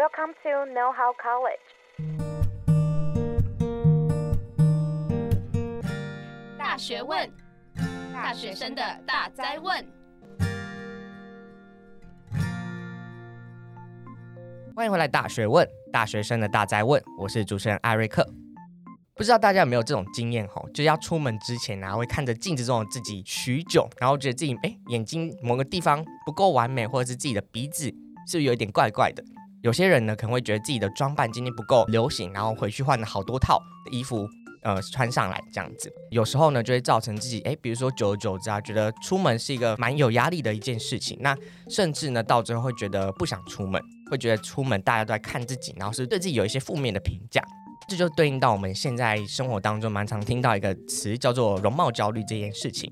Welcome to Know How College。大學問，大學生的大哉問。歡迎回來，大學問，大學生的大哉問。我是主持人艾瑞克。不知道大家有沒有這種經驗吼，就要出門之前然、啊、呢，會看着鏡子中的自己許久，然後覺得自己哎、欸，眼睛某個地方不夠完美，或者是自己的鼻子是不是有一點怪怪的？有些人呢，可能會覺得自己的裝扮今天不夠流行，然後回去換了好多套的衣服，呃，穿上來這樣子。有時候呢，就會造成自己，哎，比如說久而久之啊，覺得出門是一個蠻有壓力的一件事情。那甚至呢，到最後會覺得不想出門，會覺得出門大家都在看自己，然後是對自己有一些負面的評價。這就對應到我們現在生活當中蠻常聽到一個詞，叫做容貌焦慮這件事情。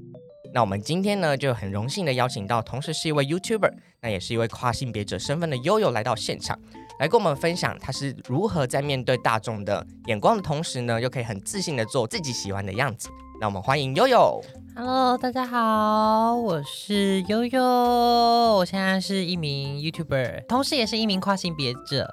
那我們今天呢，就很榮幸的邀請到，同時是一位 YouTuber，那也是一位跨性別者身份的 YoYo 來到現場，來跟我們分享他是如何在面對大眾的眼光的同時呢，又可以很自信的做自己喜歡的樣子。那我們歡迎 YoYo。Hello，大家好，我是 YoYo，我現在是一名 YouTuber，同時也是一名跨性別者。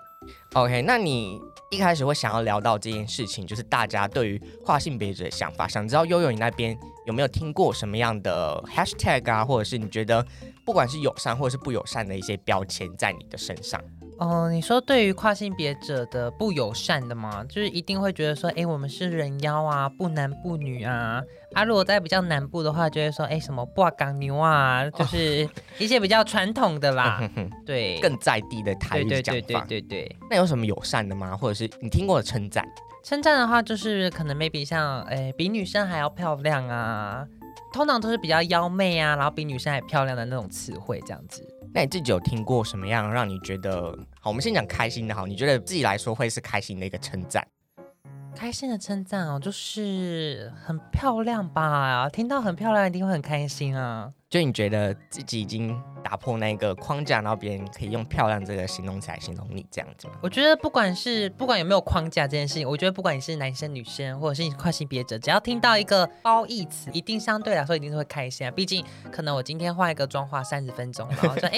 OK，那你一開始會想要聊到這件事情，就是大家對於跨性別者的想法，想知道 YoYo 你那邊。有沒有聽過什麼樣的 hashtag 啊，或者是你覺得不管是友善或者是不友善的一些標籤在你的身上？哦、呃，你說對於跨性別者的不友善的嗎？就是一定會覺得說，哎，我們是人妖啊，不男不女啊。啊，如果在比較南部的話，就會說，哎，什麼布阿港尼啊，嗯、就是一些比較傳統的啦。 對，更在地的台語講法。對對，對對對對對對。那有什麼友善的嗎？或者是你聽過的稱讚？稱讚的話就是可能 maybe 像誒、欸、比女生還要漂亮啊，通常都是比較妖媚啊，然後比女生還漂亮的那種詞彙這樣子。那你自己有聽過什麼樣讓你覺得好？我們先講開心的好，你覺得自己來說會是開心的一個稱讚。開心的稱讚哦，就是很漂亮吧。啊，聽到很漂亮一定會很開心啊。就你覺得自己已經打破那一個框架，然後別人可以用“漂亮”這個形容詞來形容你這樣子嗎？我覺得不管是不管有沒有框架這件事情，我覺得不管你是男生女生，或者是你跨性別者，只要聽到一個褒義詞，一定相對來說一定是會開心啊。畢竟可能我今天化一個妝，化三十分鐘，然後說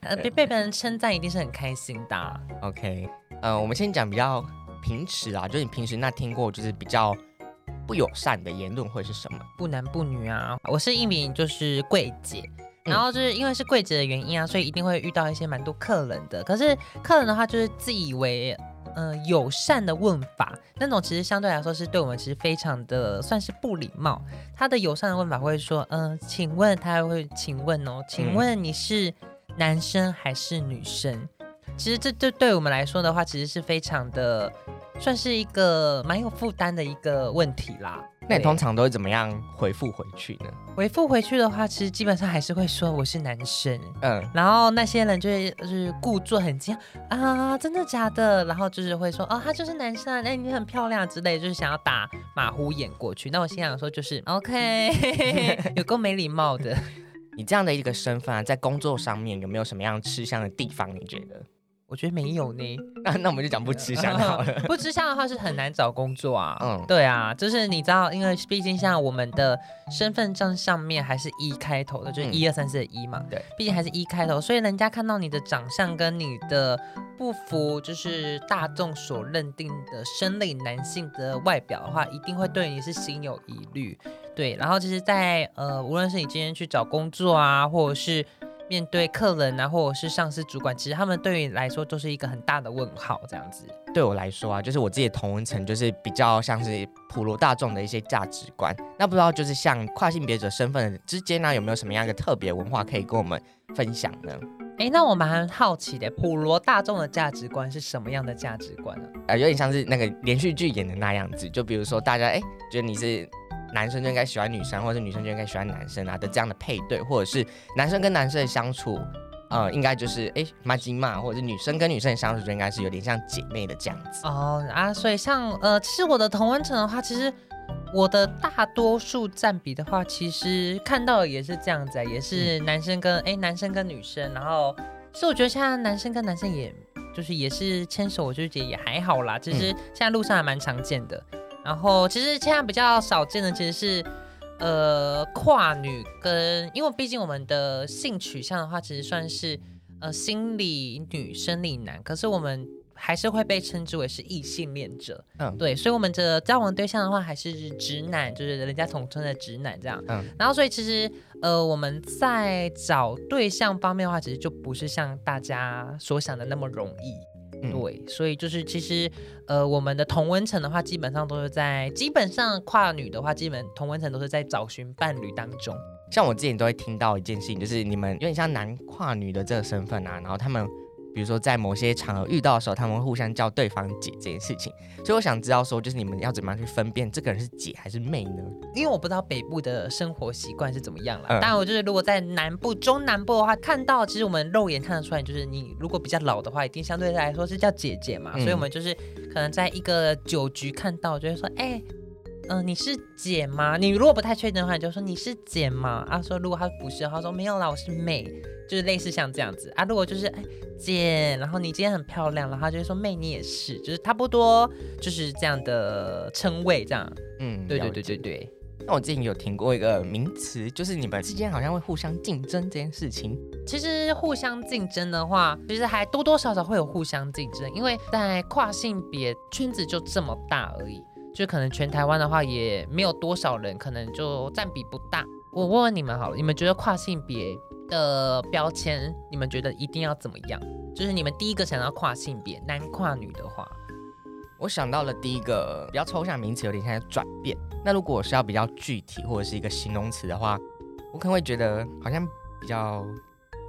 哎，被 被別人稱讚一定是很開心的。啊。OK，嗯、呃，我們先講比較。平時啊，就你平時那聽過就是比較不友善的言論會是什麼？不男不女啊，我是一名就是櫃姐，嗯、然後就是因為是櫃姐的原因啊，所以一定會遇到一些蠻多客人的。可是客人的話就是自以為嗯、呃、友善的問法，那種其實相對來說是對我們其實非常的算是不禮貌。他的友善的問法會說嗯、呃，請問，他會請問哦，請問你是男生還是女生？嗯、其實這這對我們來說的話，其實是非常的，算是一個蠻有負擔的一個問題啦。那你通常都會怎麼樣回覆回去呢？回覆回去的話，其實基本上還是會說我是男生。嗯，然後那些人就是故作很驚訝啊，真的假的？然後就是會說哦，他就是男生啊，那、哎、你很漂亮之類，就是想要打馬虎眼過去。那我心想說就是 OK， 有夠沒禮貌的。 你這樣的一個身份啊，在工作上面有沒有什麼樣吃香的地方，你覺得？我覺得沒有呢，那那我們就講不吃香、嗯、好了。不吃香的話是很難找工作啊。嗯，對啊，就是你知道，因為畢竟像我們的身份證上，上面還是一、e、開頭的，就是一二三四的一、e、嘛。對，畢竟還是一、e、開頭，所以人家看到你的長相跟你的不符，就是大眾所認定的生理男性的外表的話，一定會對你是心有疑慮。對，然後就是在呃，無論是你今天去找工作啊，或者是。面對客人啊，或者是上司主管，其實他們對於你來說都是一個很大的問號，這樣子。對我來說啊，就是我自己的同溫層，就是比較像是普羅大眾的一些價值觀。那不知道就是像跨性別者身份之間呢、啊，有沒有什麼樣一個特別文化可以跟我們分享呢？誒，那我蠻好奇的，普羅大眾的價值觀是什麼樣的價值觀呢、啊？啊、呃，有點像是那個連續劇演的那樣子，就比如說大家哎，覺得你是。男生就應該喜歡女生，或者女生就應該喜歡男生啊的這樣的配對，或者是男生跟男生的相處，呃，應該就是哎，麻吉嘛，或者是女生跟女生的相處就應該是有點像姐妹的這樣子。哦啊，所以像呃，其實我的同溫層的話，其實我的大多數占比的話，其實看到的也是這樣子，也是男生跟哎、嗯欸，男生跟女生，然後其實我覺得現在男生跟男生也就是也是牽手，我就覺得也還好啦，其實現在路上還蠻常見的。嗯然後其實現在比較少見的其實是，呃，跨女跟，因為畢竟我們的性取向的話，其實算是呃心理女、生理男，可是我們還是會被稱之為是異性戀者。嗯，對，所以我們的交往對象的話，還是直男，就是人家統稱的直男這樣。嗯，然後所以其實呃我們在找對象方面的話，其實就不是像大家所想的那麼容易。嗯、對，所以就是其實，呃，我們的同溫層的話，基本上都是在基本上跨女的話，基本同溫層都是在找尋伴侶當中。像我之前都會聽到一件事情，就是你們有點像男跨女的這個身份啊，然後他們。比如說，在某些場合遇到的時候，他們會互相叫對方姐這件事情，所以我想知道說，就是你們要怎麼樣去分辨這個人是姐還是妹呢？因為我不知道北部的生活習慣是怎麼樣啦。當然、嗯，但我就是如果在南部、中南部的話，看到其實我們肉眼看得出來，就是你如果比較老的話，一定相對來說是叫姐姐嘛。嗯、所以，我們就是可能在一個酒局看到，就會說，哎、欸。嗯，你是姐嗎？你如果不太確定的話，你就說你是姐嗎？啊，說如果她不是的話，說沒有啦，我是妹，就是類似像這樣子啊。如果就是、欸、姐，然後你今天很漂亮，然後就會說妹，你也是，就是差不多，就是這樣的稱謂這樣。嗯，對，對對對對對。嗯、那我最近有聽過一個名詞，就是你們之間好像會互相競爭這件事情。其實互相競爭的話，其實還多多少少會有互相競爭，因為在跨性別圈子就這麼大而已。就可能全台灣的話也沒有多少人，可能就佔比不大。我問問你們好了，你們覺得跨性別的標籤，你們覺得一定要怎麼樣？就是你們第一個想到跨性別男跨女的話，我想到了第一個比較抽象名詞，有點像轉變。那如果我是要比較具體或者是一個形容詞的話，我可能會覺得好像比較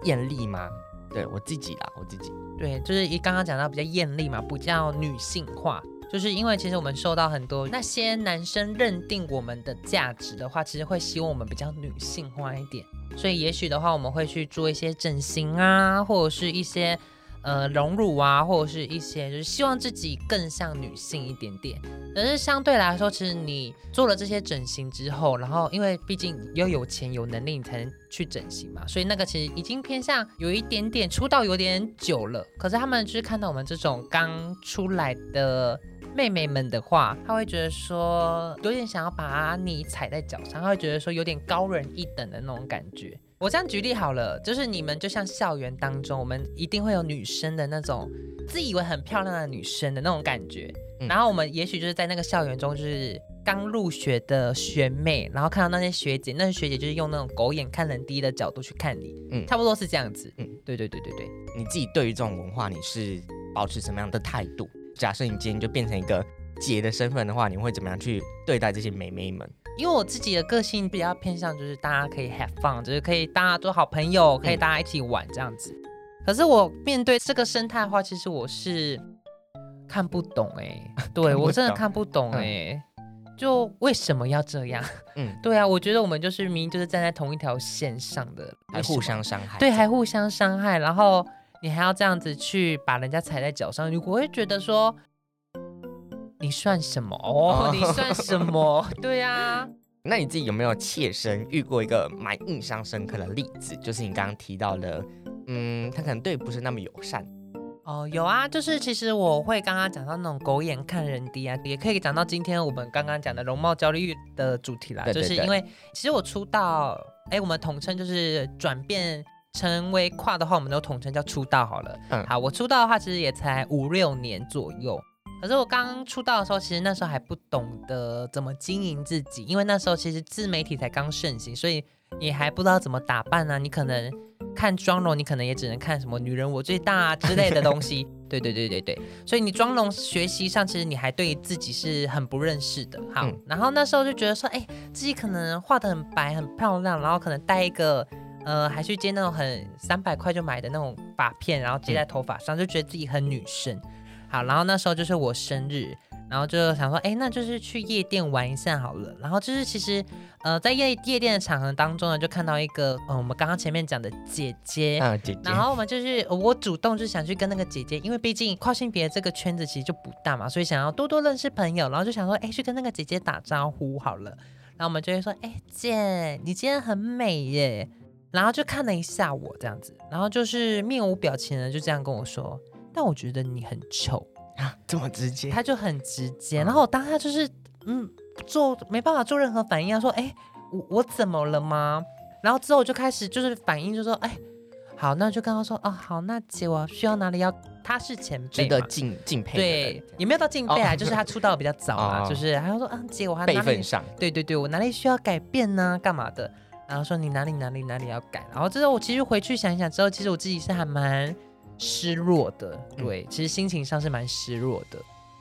豔麗嘛。對我自己啦，我自己對，就是一剛剛講到比較豔麗嘛，比較女性化。就是因為其實我們受到很多那些男生認定我們的價值的話，其實會希望我們比較女性化一點，所以也許的話我們會去做一些整形啊，或者是一些呃隆乳啊，或者是一些就是希望自己更像女性一點點。可是相對來說，其實你做了這些整形之後，然後因為畢竟要有錢有能力，你才能去整形嘛，所以那個其實已經偏向有一點點出道有點久了。可是他們就是看到我們這種剛出來的妹妹們的話，她會覺得說有點想要把你踩在腳上，她會覺得說有點高人一等的那種感覺。我這樣舉例好了，就是你們就像校園當中，我們一定會有女生的那種自以為很漂亮的女生的那種感覺，嗯、然後我們也許就是在那個校園中，就是剛入學的學妹，然後看到那些學姐，那些、個、學姐就是用那種狗眼看人低的角度去看你，嗯，差不多是這樣子，嗯，對對對對對，你自己對於這種文化，你是保持什麼樣的態度？假設你今天就變成一個姐的身份的話，你會怎麼樣去對待這些妹妹們？因為我自己的個性比較偏向，就是大家可以 have fun，就是可以大家做好朋友，可以大家一起玩這樣子。嗯、可是我面對這個生態的話，其實我是看不懂哎、欸，啊、對我真的看不懂哎、欸，嗯、就為什麼要這樣？嗯，對啊，我覺得我們就是明明就是站在同一條線上的，還互相傷害，對，還互相傷害，然後。你還要這樣子去把人家踩在腳上？你不會覺得說，你算什麼哦？Oh, oh, 你算什麼？ 對呀、啊。那你自己有沒有切身遇過一個蠻印象深刻的例子？就是你剛剛提到的，嗯，他可能對不是那麼友善。哦，oh, 有啊，就是其實我會剛剛講到那種狗眼看人低啊，也可以講到今天我們剛剛講的容貌焦慮的主題啦。對對對。就是因為其實我出道，哎、欸，我們統稱就是轉變。成為跨的話，我們都統稱叫出道好了。嗯，好，我出道的話其實也才五六年左右。可是我剛出道的時候，其實那時候還不懂得怎麼經營自己，因為那時候其實自媒體才剛盛行，所以你還不知道怎麼打扮啊。你可能看妝容，你可能也只能看什麼“女人我最大”之類的東西。 對對對對對，所以你妝容學習上其實你還對自己是很不認識的。好，嗯、然後那時候就覺得說，哎、欸，自己可能畫得很白很漂亮，然後可能帶一個。呃，還去接那種很三百塊就買的那種髮片，然後接在頭髮上，嗯、就覺得自己很女生。好，然後那時候就是我生日，然後就想說，哎、欸，那就是去夜店玩一下好了。然後就是其實，呃，在夜夜店的場合當中呢，就看到一個，嗯、呃，我們剛剛前面講的姐姐啊，姐姐。然後我們就是我主動就想去跟那個姐姐，因為畢竟跨性別這個圈子其實就不大嘛，所以想要多多認識朋友。然後就想說，哎、欸，去跟那個姐姐打招呼好了。然後我們就會說，哎、欸，姐，你今天很美耶。然後就看了一下我這樣子，然後就是面無表情的就這樣跟我說，但我覺得你很醜啊，這麼直接，他就很直接。嗯、然後我當下就是嗯，做沒辦法做任何反應啊，說哎，我我怎麼了嗎？然後之後我就開始就是反應就是，就說哎，好，那就跟他說啊、哦，好，那姐我需要哪裡要？他是前輩，值得敬敬佩，對，也沒有到敬佩啊，哦、就是他出道比較早啊，哦、就是還要說啊，姐我還哪裡對對對，我哪裡需要改變呢？幹嘛的？然後說你哪裡哪裡哪裡要改。然後這時候，我其實回去想一想之後，其實我自己是還蠻失落的，對，嗯、其實心情上是蠻失落的。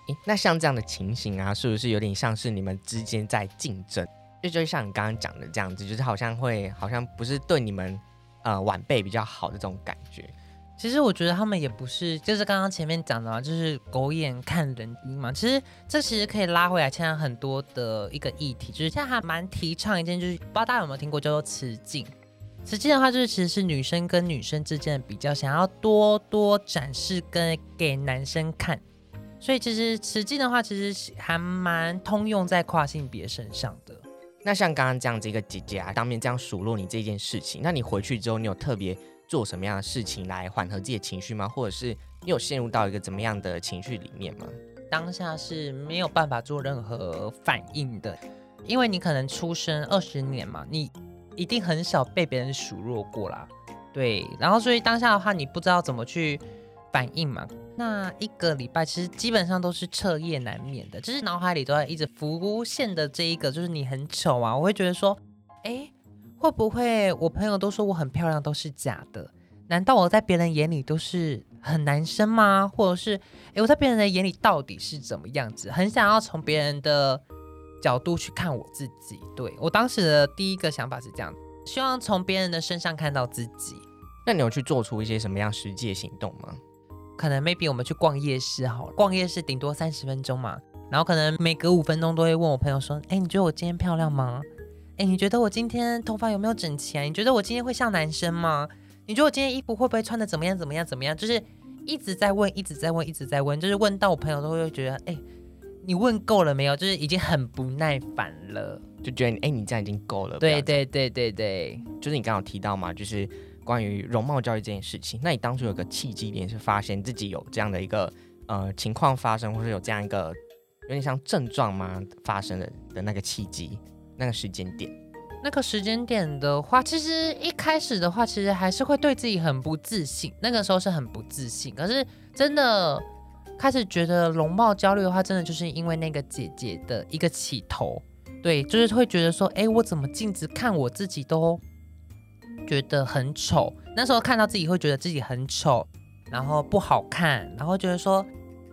誒，那像這樣的情形啊，是不是有點像是你們之間在競爭？這就，就像你剛剛講的這樣子，就是好像會好像不是對你們，呃，晚輩比較好的這種感覺。其實我覺得他們也不是，就是剛剛前面講的啊，就是狗眼看人低嘛。其實這其實可以拉回來，現在很多的一個議題，就是現在還蠻提倡一件，就是不知道大家有沒有聽過叫做雌競。雌競的話，就是其實是女生跟女生之間的比較，想要多多展示跟給男生看。所以其實雌競的話，其實還蠻通用在跨性別身上的。那像剛剛這樣子一個姐姐啊當面這樣數落你這件事情，那你回去之後，你有特別？做什麼樣的事情來緩和自己的情緒嗎？或者是你有陷入到一個怎麼樣的情緒裡面嗎？當下是沒有辦法做任何反應的，因為你可能出生二十年嘛，你一定很少被別人數落過啦，對。然後所以當下的話，你不知道怎麼去反應嘛。那一個禮拜其實基本上都是徹夜難眠的，就是腦海裡都在一直浮現的這一個，就是你很醜啊。我會覺得說，哎、欸。會不會我朋友都說我很漂亮都是假的？難道我在別人眼裡都是很男生嗎？或者是誒，我在別人的眼裡到底是怎麼樣子？很想要從別人的角度去看我自己。對，我當時的第一個想法是這樣，希望從別人的身上看到自己。那你有去做出一些什麼樣實際的行動嗎？可能 maybe 我們去逛夜市好了，逛夜市頂多三十分鐘嘛，然後可能每隔五分鐘都會問我朋友說，誒，你覺得我今天漂亮嗎？哎、欸，你覺得我今天頭髮有沒有整齊？你覺得我今天會像男生嗎？你覺得我今天衣服會不會穿得怎麼樣？怎麼樣？怎麼樣？就是一直在問，一直在問，一直在問，就是問到我朋友都會覺得，哎、欸，你問夠了沒有？就是已經很不耐煩了，就覺得，哎、欸，你這樣已經夠了。對對對對對，就是你剛剛有提到嘛，就是關於容貌焦慮這件事情。那你當初有個契機點是發現自己有這樣的一個呃情況發生，或是有這樣一個有點像症狀嗎？發生的的那個契機。那個時間點，那個時間點的話，其實一開始的話，其實還是會對自己很不自信。那個時候是很不自信，可是真的開始覺得容貌焦慮的話，真的就是因為那個姐姐的一個起頭。對，就是會覺得說，哎，我怎麼鏡子看我自己都覺得很醜。那時候看到自己會覺得自己很醜，然後不好看，然後覺得說，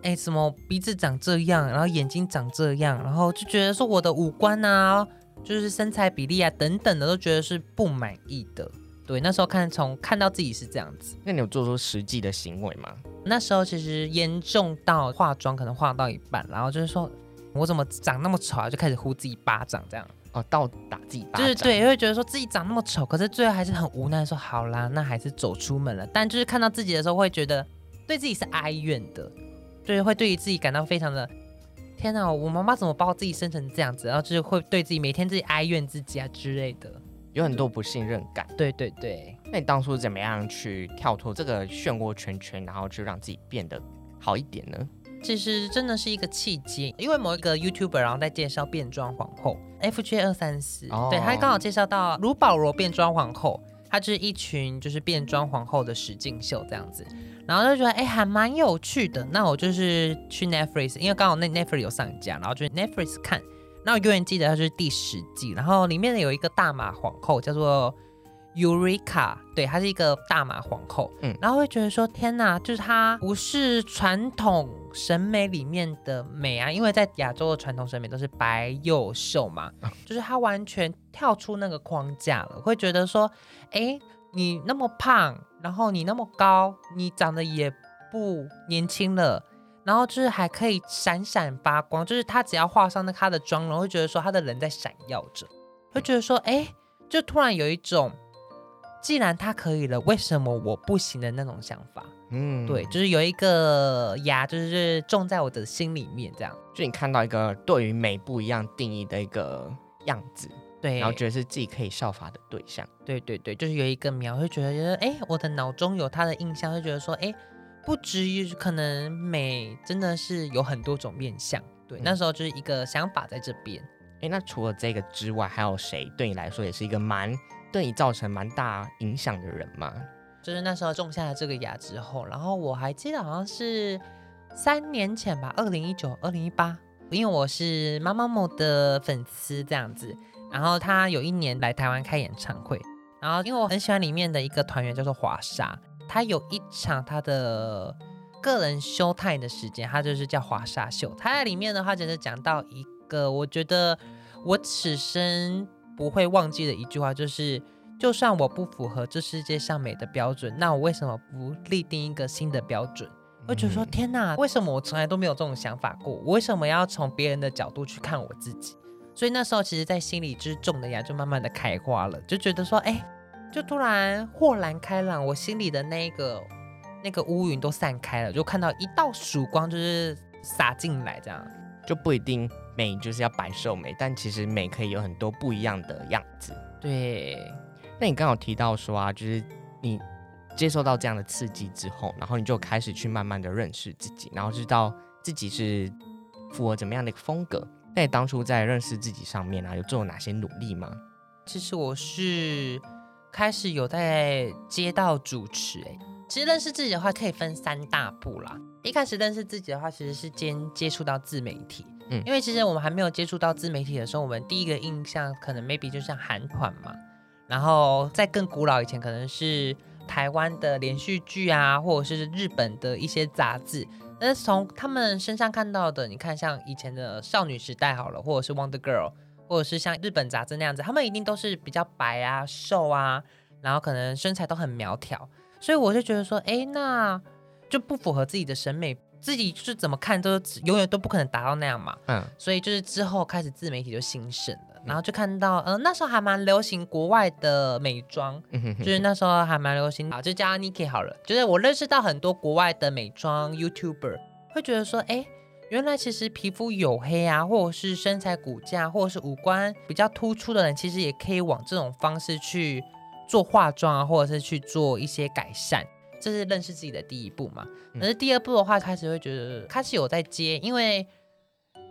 哎，什麼鼻子長這樣，然後眼睛長這樣，然後就覺得說我的五官啊。就是身材比例啊等等的，都覺得是不滿意的。對，那時候看從看到自己是這樣子。那你有做出實際的行為嗎？那時候其實嚴重到化妝可能化到一半，然後就是說我怎麼長那麼醜啊，就開始呼自己巴掌這樣。哦，倒打自己巴掌。就是對，會覺得說自己長那麼醜，可是最後還是很無奈說好啦，那還是走出門了。但就是看到自己的時候，會覺得對自己是哀怨的，對、就是，會對於自己感到非常的。天哪，我媽媽怎麼把我自己生成這樣子？然後就是會對自己每天自己哀怨自己啊之類的，有很多不信任感對。對對對，那你當初怎麼樣去跳脫這個漩渦圈圈，然後就讓自己變得好一點呢？其實真的是一個契機，因為某一個 YouTuber 然後在介紹變裝皇後 FJ 二三四，4, 哦、對，他剛好介紹到盧保羅變裝皇後，他就是一群就是變裝皇後的實境秀這樣子。然後就覺得哎、欸，還蠻有趣的。那我就是去 Netflix，因為剛好那 Netflix 有上架，然後就 Netflix 看。那我永遠記得它就是第十季，然後裡面有一個大碼皇后叫做 Eureka，對，她是一個大碼皇後。嗯，然後會覺得說天哪，就是她不是傳統審美裡面的美啊，因為在亞洲的傳統審美都是白又瘦嘛，就是她完全跳出那個框架了，會覺得說哎、欸你那麼胖，然後你那麼高，你長得也不年輕了，然後就是還可以閃閃發光，就是她只要化上那她的妝，然後會覺得說她的人在閃耀着，會覺得說哎、嗯，就突然有一種，既然她可以了，為什麼我不行的那種想法？嗯，對，就是有一個芽就是種在我的心裡面，這樣。就你看到一個對於美不一樣定義的一個樣子。對，然後覺得是自己可以效法的對象。對對對，就是有一個苗，就覺得覺得哎，我的腦中有他的印象，就覺得說哎、欸，不止於可能美，真的是有很多種面相。對，嗯、那時候就是一個想法在這邊。哎、欸，那除了這個之外，還有誰對你來說也是一個蠻對你造成蠻大影響的人嗎？就是那時候種下了這個芽之後，然後我還記得好像是三年前吧，二零一九、二零一八，因為我是 MAMAMOO 的粉絲這樣子。然後他有一年來台灣開演唱會，然後因為我很喜歡裡面的一個團員叫做華莎，他有一場他的個人 show time 的時間，他就是叫華莎秀。他在裡面的話，就是講到一個我覺得我此生不會忘記的一句話，就是就算我不符合這世界上美的標準，那我為什麼不立定一個新的標準？我就說天哪，為什麼我從來都沒有這種想法過？我為什麼要從別人的角度去看我自己？所以那時候，其實，在心裡就是種的芽，就慢慢的開花了，就覺得說，哎、欸，就突然豁然開朗，我心裡的那個那個烏雲都散開了，就看到一道曙光，就是灑進來，這樣。就不一定美就是要白瘦美，但其實美可以有很多不一樣的樣子。對，那你剛好提到說啊，就是你接受到這樣的刺激之後，然後你就開始去慢慢的認識自己，然後知道自己是符合怎麼樣的一個風格。那你當初在認識自己上面啊，有做了哪些努力嗎？其實我是開始有在接到主持，欸。哎，其實認識自己的話，可以分三大步啦。一開始認識自己的話，其實是先接觸到自媒體。嗯，因為其實我們還沒有接觸到自媒體的時候，我們第一個印象可能 maybe 就像韓團嘛。然後在更古老以前，可能是台灣的連續劇啊，或者是日本的一些雜誌。那從他們身上看到的，你看像以前的少女時代好了，或者是 Wonder Girl，或者是像日本雜志那樣子，他們一定都是比較白啊、瘦啊，然後可能身材都很苗條，所以我就覺得說，哎，那就不符合自己的審美，自己是怎麼看都永遠都不可能達到那樣嘛。嗯，所以就是之後開始自媒體就興盛。然後就看到，嗯、呃，那時候還蠻流行國外的美妝， 就是那時候還蠻流行，好，就叫 Niki 好了。就是我認識到很多國外的美妝 YouTuber，會覺得說，哎，原來其實皮膚黝黑啊，或者是身材骨架，或者是五官比較突出的人，其實也可以往這種方式去做化妝啊，或者是去做一些改善，這是認識自己的第一步嘛。可是第二步的話，開始會覺得開始有在接，因為。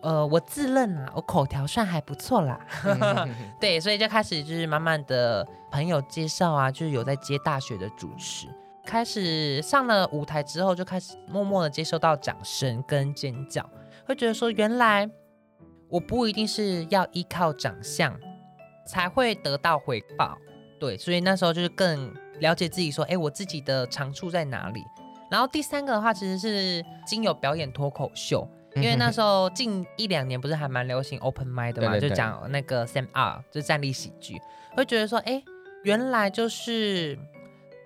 呃，我自認啊，我口條算還不錯啦， 對，所以就開始就是慢慢的朋友介紹啊，就是有在接大學的主持，開始上了舞台之後，就開始默默的接收到掌聲跟尖叫，會覺得說原來我不一定是要依靠長相才會得到回報，對，所以那時候就是更了解自己說，說、欸、哎，我自己的長處在哪裡？然後第三個的話，其實是經由表演脫口秀。因為那時候近一兩年不是還蠻流行 open mic 的嘛？對對對，就講那個 stand up 就站立喜劇，會覺得說，哎，原來就是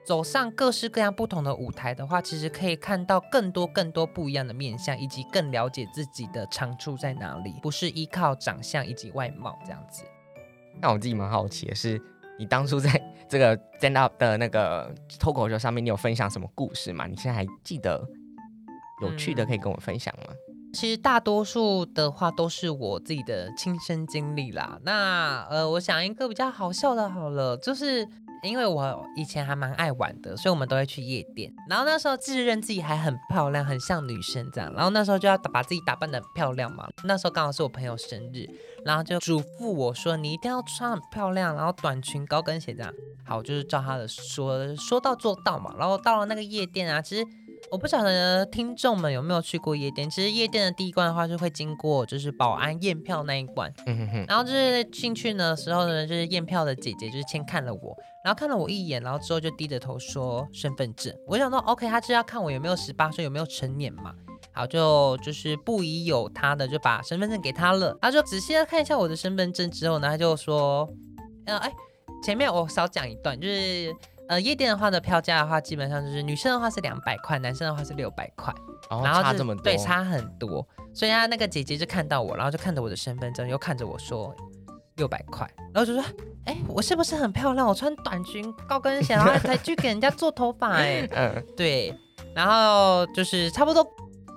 走上各式各樣不同的舞台的話，其實可以看到更多更多不一樣的面相，以及更了解自己的長處在哪裡，不是依靠長相以及外貌這樣子。那我自己蠻好奇的是，你當初在這個 stand up 的那個脫口秀上面，你有分享什麼故事嗎？你現在還記得有趣的可以跟我分享嗎？嗯其實大多數的話都是我自己的親身經歷啦。那呃，我想一個比較好笑的，好了，就是因為我以前還蠻愛玩的，所以我們都會去夜店。然後那時候自認自己還很漂亮，很像女生這樣。然後那時候就要把自己打扮得很漂亮嘛。那時候剛好是我朋友生日，然後就囑咐我說，你一定要穿很漂亮，然後短裙、高跟鞋這樣。好，我就是照他的說，說到做到嘛。然後到了那個夜店啊，其實。我不曉得聽眾們有沒有去過夜店，其實夜店的第一關的話，就會經過就是保安驗票那一關，嗯、哼哼然後就是進去的時候呢，就是驗票的姐姐就是先看了我，然後看了我一眼，然後之後就低着頭說身份證。我想到，OK，他就要看我有沒有十八歲，有沒有成年嘛。好，就就是不疑有他的，的就把身份證給他了。他就仔細的看一下我的身份證之後呢，他就說，呃、哎，前面我少講一段，就是。呃，夜店的話的票價的話，基本上就是女生的話是兩百塊，男生的話是六百塊，哦、然後差這麼多，對，差很多。所以她那個姐姐就看到我，然後就看着我的身份證，又看着我說六百塊，然後就說，哎，我是不是很漂亮？我穿短裙、高跟鞋， 然後才去給人家做頭髮、欸？哎， 嗯，對。然後就是差不多，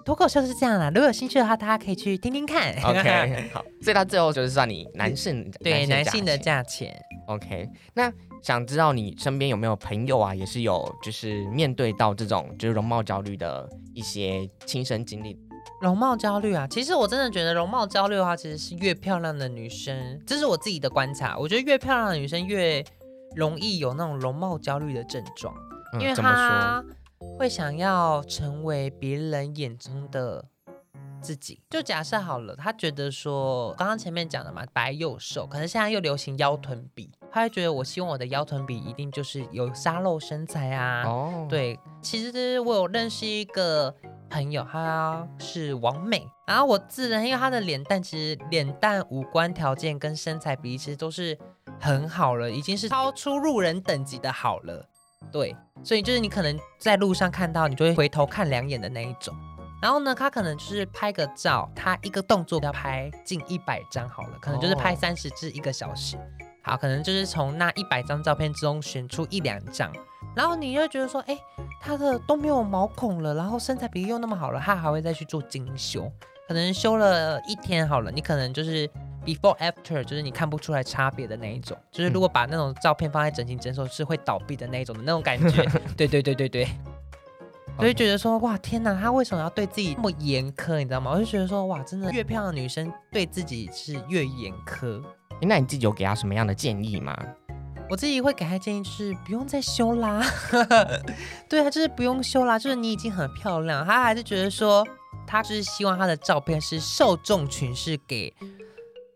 脫口秀是這樣啦、啊。如果有興趣的話，大家可以去聽聽看。OK， 好。所以她最後就是算你男性對 男性的價錢。價錢 OK，那。想知道你身邊有沒有朋友啊，也是有，就是面對到這種就是容貌焦慮的一些親身經歷。容貌焦慮啊，其實我真的覺得容貌焦慮的話，其實是越漂亮的女生，這是我自己的觀察。我覺得越漂亮的女生越容易有那種容貌焦慮的症狀，因為她會想要成為別人眼中的。自己就假設好了，他覺得說，剛剛前面講的嘛，白又瘦，可是現在又流行腰臀比，他會覺得我希望我的腰臀比一定就是有沙漏身材啊。哦，oh. 對，其實我有認識一個朋友，她是王美，然後我自然因為她的臉蛋，其實臉蛋五官條件跟身材比例其實都是很好了，已經是超出路人等級的好了。對，所以就是你可能在路上看到，你就會回頭看兩眼的那一種。然後呢，他可能就是拍個照，他一個動作要拍近一百張好了，可能就是拍三十至一個小時，oh. 好，可能就是從那一百張照片之中選出一兩張，然後你就會覺得說，哎，他的都沒有毛孔了，然後身材比例又那麼好了，他還會再去做精修，可能修了一天好了，你可能就是 before after，就是你看不出來差別的那一種，就是如果把那種照片放在整形診所是會倒閉的那種的那種感覺， 對對對對對。我就覺得說，哇，天哪，她為什麼要對自己那麼嚴苛，你知道嗎？我就覺得說，哇，真的越漂亮的女生對自己是越嚴苛。欸，那你自己有給她什麼樣的建議嗎？我自己會給她建議，就是不用再修啦。 對啊，就是不用修啦，就是你已經很漂亮。她還是覺得說，她就是希望她的照片是受眾群是給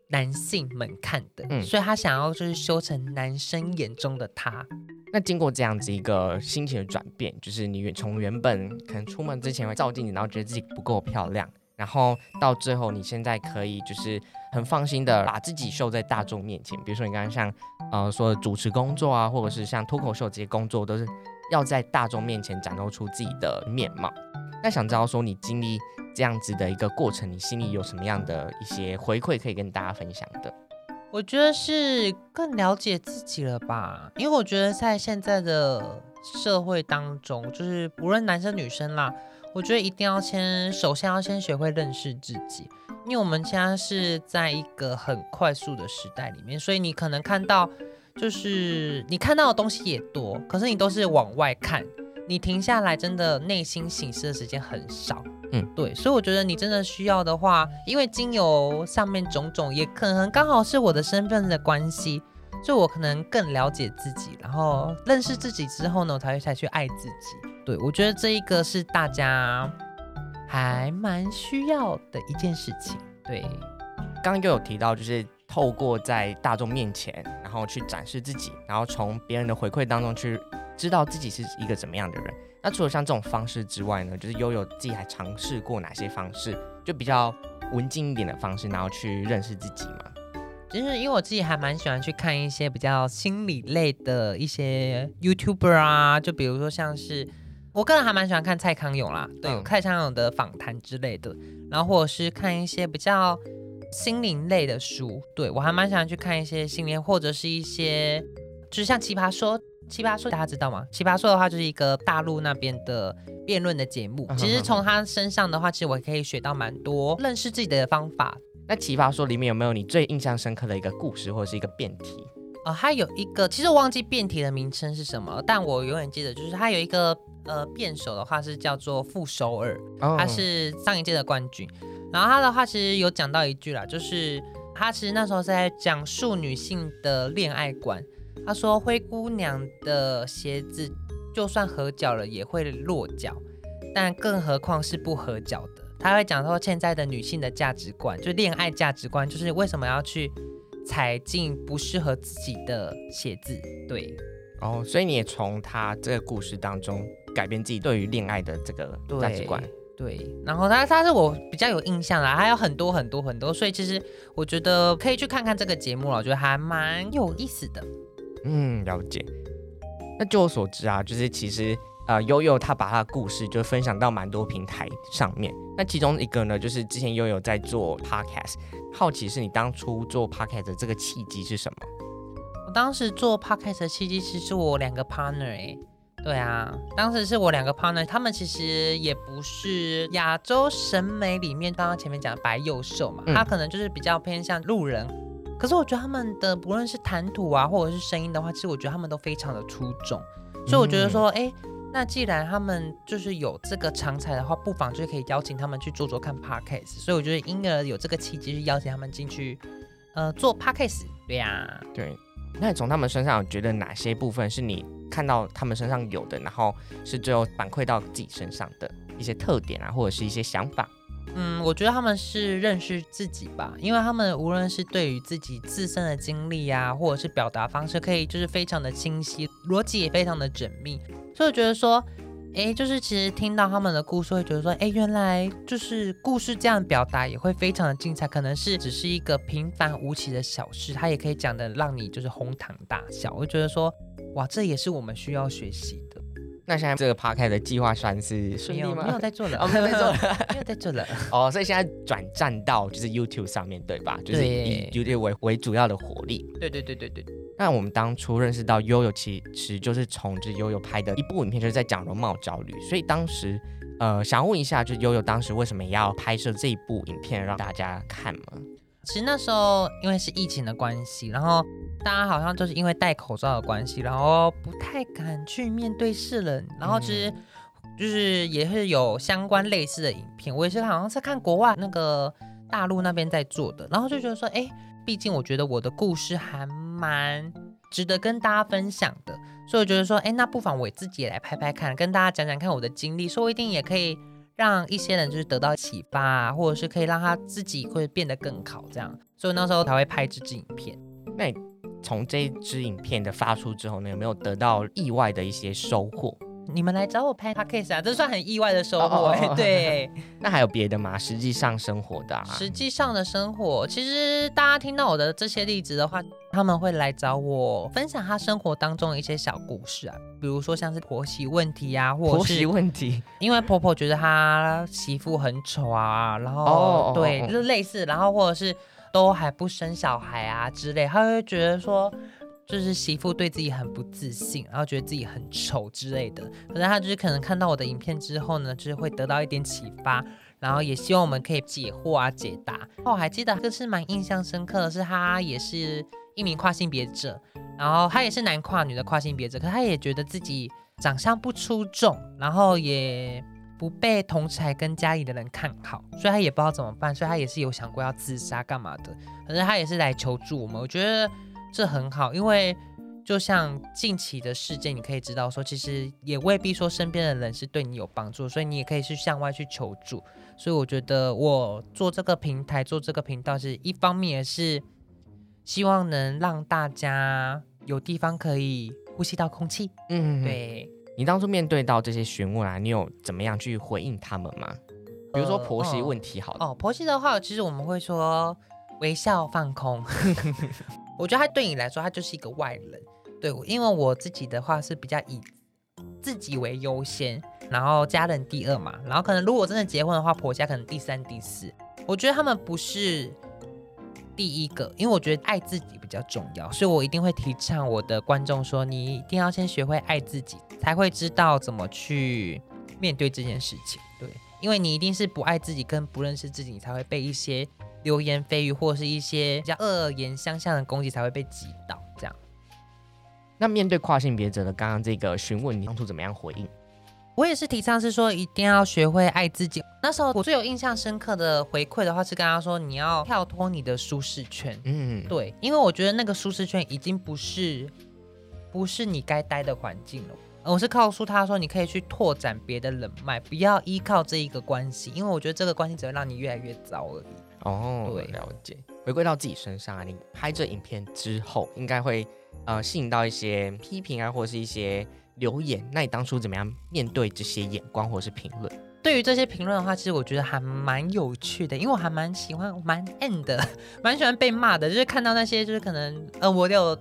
男性們看的，嗯，所以她想要就是修成男生眼中的她。那經過這樣子一個心情的轉變，就是你從原本可能出門之前會照鏡子，然後覺得自己不夠漂亮，然後到最後你現在可以就是很放心的把自己秀在大眾面前。比如說你剛剛像呃說主持工作啊，或者是像脫口秀這些工作，都是要在大眾面前展露出自己的面貌。那想知道說你經歷這樣子的一個過程，你心裡有什麼樣的一些回饋可以跟大家分享的？我覺得是更了解自己了吧，因為我覺得在現在的社會當中，就是不論男生女生啦，我覺得一定要先，首先要先學會認識自己，因為我們現在是在一個很快速的時代裡面，所以你可能看到，就是你看到的東西也多，可是你都是往外看。你停下來，真的內心省思的時間很少。嗯，對，所以我覺得你真的需要的話，因為精油上面種種，也可能剛好是我的身份的關係，就我可能更了解自己，然後認識自己之後呢，我才會才去愛自己。對，我覺得這一個是大家還蠻需要的一件事情。對，剛剛就有提到，就是透過在大眾面前，然後去展示自己，然後從別人的回饋當中去。知道自己是一個怎麼樣的人，那除了像這種方式之外呢，就是 YoYo 自己還嘗試過哪些方式，就比較文靜一點的方式，然後去認識自己嘛。就是因為我自己還蠻喜歡去看一些比較心理類的一些 YouTuber 啊，就比如說像是，我個人還蠻喜歡看蔡康永啦，對、嗯、蔡康永的訪談之類的，然後或者是看一些比較心靈類的書，對，我還蠻喜歡去看一些心靈或者是一些就是像奇葩說。奇葩說，大家知道嗎？奇葩說的話，就是一個大陸那邊的辯論的節目。嗯、哼哼，其實從他身上的話，其實我可以學到蠻多認識自己的方法。那奇葩說裡面有沒有你最印象深刻的一個故事，或者是一個辯題？呃，他有一個，其實我忘記辯題的名稱是什麼，但我永遠記得就是他有一個呃辯手的話是叫做傅首爾，他、哦、是上一屆的冠軍。然後他的話其實有講到一句啦，就是他其實那時候是在講述女性的戀愛觀。他說：“灰姑娘的鞋子就算合腳了也會落腳，但更何況是不合腳的。”他會講說現在的女性的價值觀，就戀愛價值觀，就是為什麼要去踩進不適合自己的鞋子。對，哦，所以你也從他這個故事當中改變自己對於戀愛的這個價值觀。對，對，然後他他是我比較有印象的，還有很多很多很多，所以其實我覺得可以去看看這個節目了，我覺得還蠻有意思的。嗯，了解。那據我所知啊，就是其實呃，悠悠他把他的故事就分享到蠻多平台上面。那其中一個呢，就是之前悠悠在做 podcast。好奇是你當初做 podcast 的這個契機是什麼？我當時做 podcast 的契機其實是我兩個 partner、欸。對啊，當時是我兩個 partner，他們其實也不是亞洲審美裡面剛剛前面講的白幼瘦嘛，嗯、他可能就是比較偏向路人。可是我覺得他們的不論是談吐啊，或者是聲音的話，其實我覺得他們都非常的出眾。所以我覺得說，哎，嗯，欸，那既然他們就是有這個長才的話，不妨就可以邀請他們去做做看 Podcast。所以我覺得應該有這個契機去邀請他們進去，呃，做 Podcast，對啊。對呀，對。那你從他們身上有覺得哪些部分是你看到他們身上有的，然後是最後反饋到自己身上的一些特點啊，或者是一些想法？嗯，我覺得他們是認識自己吧，因為他們無論是對於自己自身的經歷呀、啊，或者是表達方式，可以就是非常的清晰，邏輯也非常的縝密，所以我覺得說，哎，就是其實聽到他們的故事，會覺得說，哎，原來就是故事這樣表達也會非常的精彩，可能是只是一個平凡無奇的小事，他也可以講的讓你就是哄堂大笑，我就覺得說，哇，這也是我們需要學習。那現在這個 Podcast 的計劃算是順利嗎？沒有在做了，沒有在做了。 哦，所以現在轉戰到就是 YouTube 上面對吧？對，就是以 YouTube 為為主要的活力。對對對對對。那我們當初認識到 YoYo，其實就是從這 YoYo 拍的一部影片，就是在講容貌焦慮。所以當時，呃，想問一下，就 YoYo 當時為什麼要拍攝這一部影片讓大家看嗎？其實那時候因為是疫情的關係，然後。大家好像就是因為戴口罩的關係，然後不太敢去面對世人，然後其實就是，嗯、就是也是有相關類似的影片，我也是好像是看國外那個大陸那邊在做的，然後就覺得說，哎、欸，畢竟我覺得我的故事還蠻值得跟大家分享的，所以我覺得說，哎、欸，那不妨我自己也來拍拍看，跟大家講講看我的經歷，說不定也可以讓一些人就是得到啟發，或者是可以讓他自己會變得更好這樣，所以那時候才會拍這支影片。那、欸。從這支影片的發出之後呢，有沒有得到意外的一些收穫？你們來找我拍 podcast 啊，這算很意外的收穫、欸。Oh, oh, oh, oh, 對。 那還有別的嗎？實際上生活的、啊。實際上的生活，其實大家聽到我的這些例子的話，他們會來找我分享他生活當中的一些小故事啊，比如說像是婆媳問題啊，或者婆媳問題，因為婆婆覺得他媳婦很醜啊，然後 oh, oh, oh. 對，就類似，然後或者是。都還不生小孩啊之類，他會覺得說，就是媳婦對自己很不自信，然後覺得自己很醜之類的。可能他就是可能看到我的影片之後呢，就是會得到一點啟發，然後也希望我們可以解惑啊解答。我還記得就是蠻印象深刻的是，他也是一名跨性別者，然後他也是男跨女的跨性別者，可是他也覺得自己長相不出眾，然後也。不被同儕，還跟家裡的人看好，所以他也不知道怎麼辦，所以他也是有想過要自殺幹嘛的。可是他也是來求助我們，我覺得這很好，因為就像近期的事件，你可以知道說，其實也未必說身邊的人是對你有幫助，所以你也可以去向外去求助。所以我覺得我做這個平台，做這個頻道是一方面也是，希望能讓大家有地方可以呼吸到空氣。嗯，嗯，對。你當初面對到這些詢問啊，你有怎麼樣去回應他們嗎？比如說婆媳問題好，好、呃、哦，婆媳的話，其實我們會說微笑放空。 我覺得他對你來說，他就是一個外人。對，因為我自己的話是比較以自己為優先，然後家人第二嘛，然後可能如果真的結婚的話，婆家可能第三、第四。我覺得他們不是。第一個，因為我覺得愛自己比較重要，所以我一定會提倡，我的觀眾說，你一定要先學會愛自己，才會知道怎麼去面對這件事情。對，因為你一定是不愛自己跟不認識自己，你才會被一些流言蜚語或者是一些比較惡言相向的攻擊才會被擊倒。這樣，那面對跨性別者呢？剛剛這個詢問，你當初怎麼樣回應？我也是提倡，是說一定要學會愛自己。那時候我最有印象深刻的回饋的話，是跟他說你要跳脫你的舒適圈。嗯，對，因為我覺得那個舒適圈已經不是，不是你該待的環境了。呃，我是告訴他說，你可以去拓展別的人脈，不要依靠這一個關係，因為我覺得這個關係只會讓你越來越糟而已。哦，對，了解。回歸到自己身上，你拍這影片之後，應該會呃吸引到一些批評啊，或是一些。留言，那你當初怎麼樣面對這些眼光或者是評論？對於這些評論的話，其實我覺得還蠻有趣的，因為我還蠻喜歡蠻 end 的，蠻喜歡被罵的。就是看到那些，就是可能呃，我有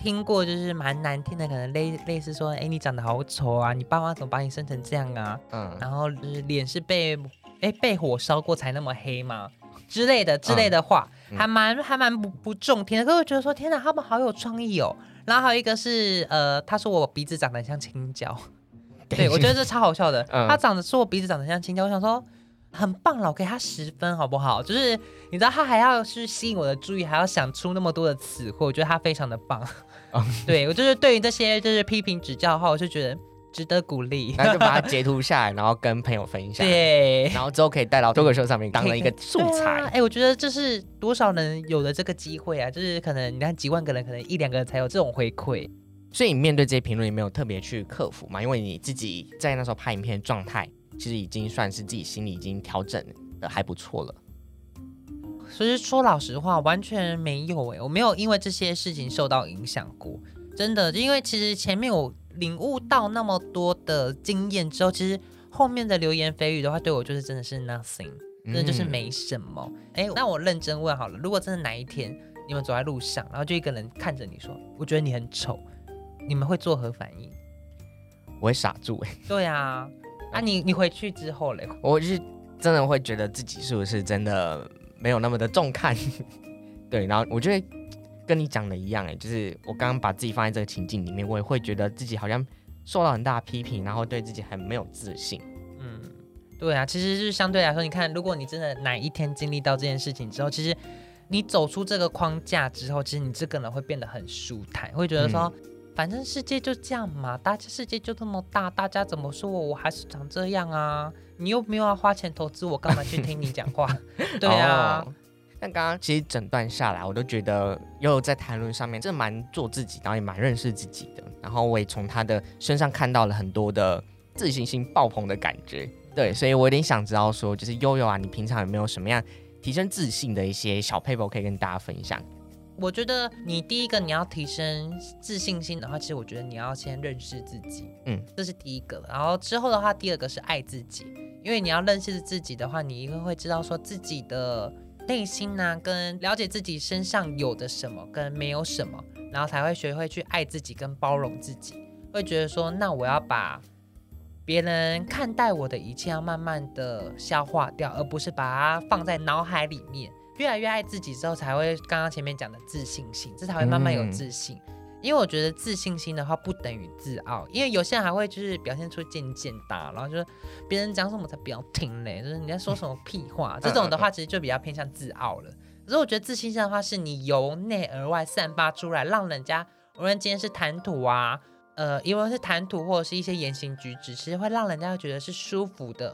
聽過，就是蠻難聽的，可能類類似說，哎，你長得好醜啊，你爸媽怎麼把你生成這樣啊？嗯，然後就是臉是被哎被火燒過才那麼黑嘛之類的之類的話，嗯，還蠻還蠻不不中聽的。可是我覺得說，天哪，他們好有創意哦。然後還有一個是，呃，他說我鼻子長得像青椒，對，我覺得這超好笑的。 嗯、他長得說我鼻子長得像青椒，我想說很棒了，我給他十分好不好？就是你知道他還要去吸引我的注意，還要想出那麼多的詞彙，我覺得他非常的棒。 對，我就是對於這些就是批評指教的話，我就覺得。值得鼓勵，那就把它截圖下來， 然後跟朋友分享。對，然後之後可以帶到脫口秀上面當了一個素材啊。哎，我覺得這是多少人有了這個機會啊！就是可能你看幾萬個人，可能一兩個人才有這種回饋。所以你面對這些評論，也沒有特別去克服嘛，因為你自己在那時候拍影片的狀態，其實已經算是自己心裡已經調整的還不錯了。所以說老實話，完全沒有，哎，我沒有因為這些事情受到影響過。真的，就因為其實前面我。領悟到那麼多的經驗之後，其實後面的流言蜚語的話，對我就是真的是 nothing，那就是沒什麼。哎、嗯，那我認真問好了，如果真的哪一天你們走在路上，然後就一個人看着你說“我覺得你很醜”，你們會作何反應？我會傻住、欸。對啊，那、啊、你你回去之後嘞， 我是真的會覺得自己是不是真的沒有那麼的重看。 對，然後我覺得。跟你講的一樣哎、欸,就是我剛剛把自己放在這個情境裡面，我也會覺得自己好像受到很大的批評，然後對自己很沒有自信。嗯，對啊，其實就是相對來說，你看，如果你真的哪一天經歷到這件事情之後，其實你走出這個框架之後，其實你這個人會變得很舒坦，會覺得說，嗯、反正世界就這樣嘛，大家世界就這麼大，大家怎麼說我，我我還是長這樣啊，你又沒有要花錢投資，我幹嘛去聽你講話？ 對啊。Oh. 但剛剛其實整段下來，我都覺得 YoYo 在談論上面，真的蠻做自己，然後也蠻認識自己的。然後我也從他的身上看到了很多的自信心爆棚的感覺。對，所以我有點想知道說，就是 YoYo 啊，你平常有沒有什麼樣提升自信的一些小撇步可以跟大家分享？我覺得你第一個你要提升自信心的話，其實我覺得你要先認識自己，嗯，這是第一個。然後之後的話，第二個是愛自己，因為你要認識自己的話，你一定會知道說自己的。內心呢、啊，跟了解自己身上有的什麼，跟沒有什麼，然後才會學會去愛自己跟包容自己，會覺得說，那我要把別人看待我的一切，要慢慢的消化掉，而不是把它放在腦海裡面。越來越愛自己之後，才會剛剛前面講的自信心，這才會慢慢有自信。嗯因為我覺得自信心，的話不等於自傲，因為有些人還會就是表現出漸漸大，然後就說別人講什麼才不要聽嘞，就是你在說什麼屁話， 嗯、這種的話其實就比較偏向自傲了。所以、嗯嗯、我覺得自信心的話是你由內而外散發出來，讓人家無論今天是談吐啊，呃，因為是談吐或者是一些言行舉止，其實會讓人家覺得是舒服的，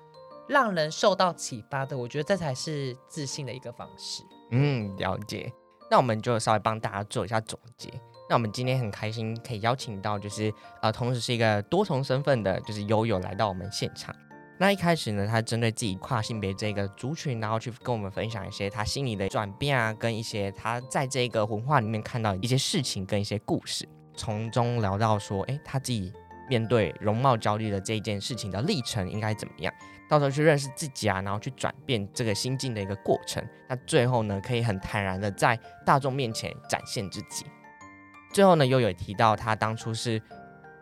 讓人受到啟發的。我覺得這才是自信的一個方式。嗯，了解。那我們就稍微幫大家做一下總結。那我們今天很開心，可以邀請到就是呃，同時是一個多重身份的，就是 YoYo 來到我們現場。那一開始呢，他針對自己跨性別這個族群，然後去跟我們分享一些他心理的轉變啊，跟一些他在這個文化裡面看到一些事情跟一些故事，從中聊到說，誒，他自己面對容貌焦慮的這件事情的歷程應該怎麼樣，到時候去認識自己啊，然後去轉變這個心境的一個過程。那最後呢，可以很坦然的在大眾面前展現自己。最後呢，悠悠也提到他當初是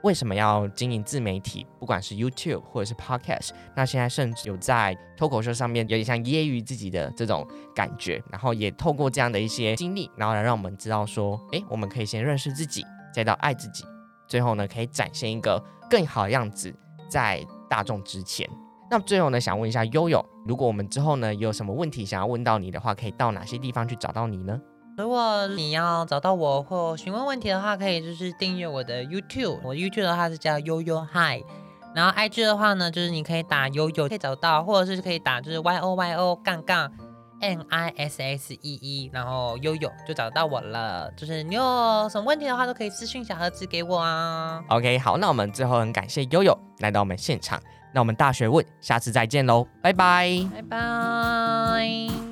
為什麼要經營自媒體，不管是 YouTube 或者是 Podcast，那現在甚至有在脫口秀上面有點像揶揄自己的這種感覺，然後也透過這樣的一些經歷，然後來讓我們知道說，誒，我們可以先認識自己，再到愛自己，最後呢可以展現一個更好的樣子在大眾之前。那最後呢，想問一下悠悠，如果我們之後呢有什麼問題想要問到你的話，可以到哪些地方去找到你呢？如果你要找到我或詢問問題的話，可以就是訂閱我的 YouTube，我 YouTube 的話是叫 YoYo Hi，然後 IG 的話呢，就是你可以打 YoYo 可以找到，或者是可以打就是 Y O Y O 槓槓 M I S S 一一，然後 YoYo 就找到我了。就是你有什麼問題的話，都可以私訊小盒子給我啊。OK，好，那我們最後很感謝 YoYo 來到我們現場，那我們大學問下次再見嘍，拜拜，拜拜。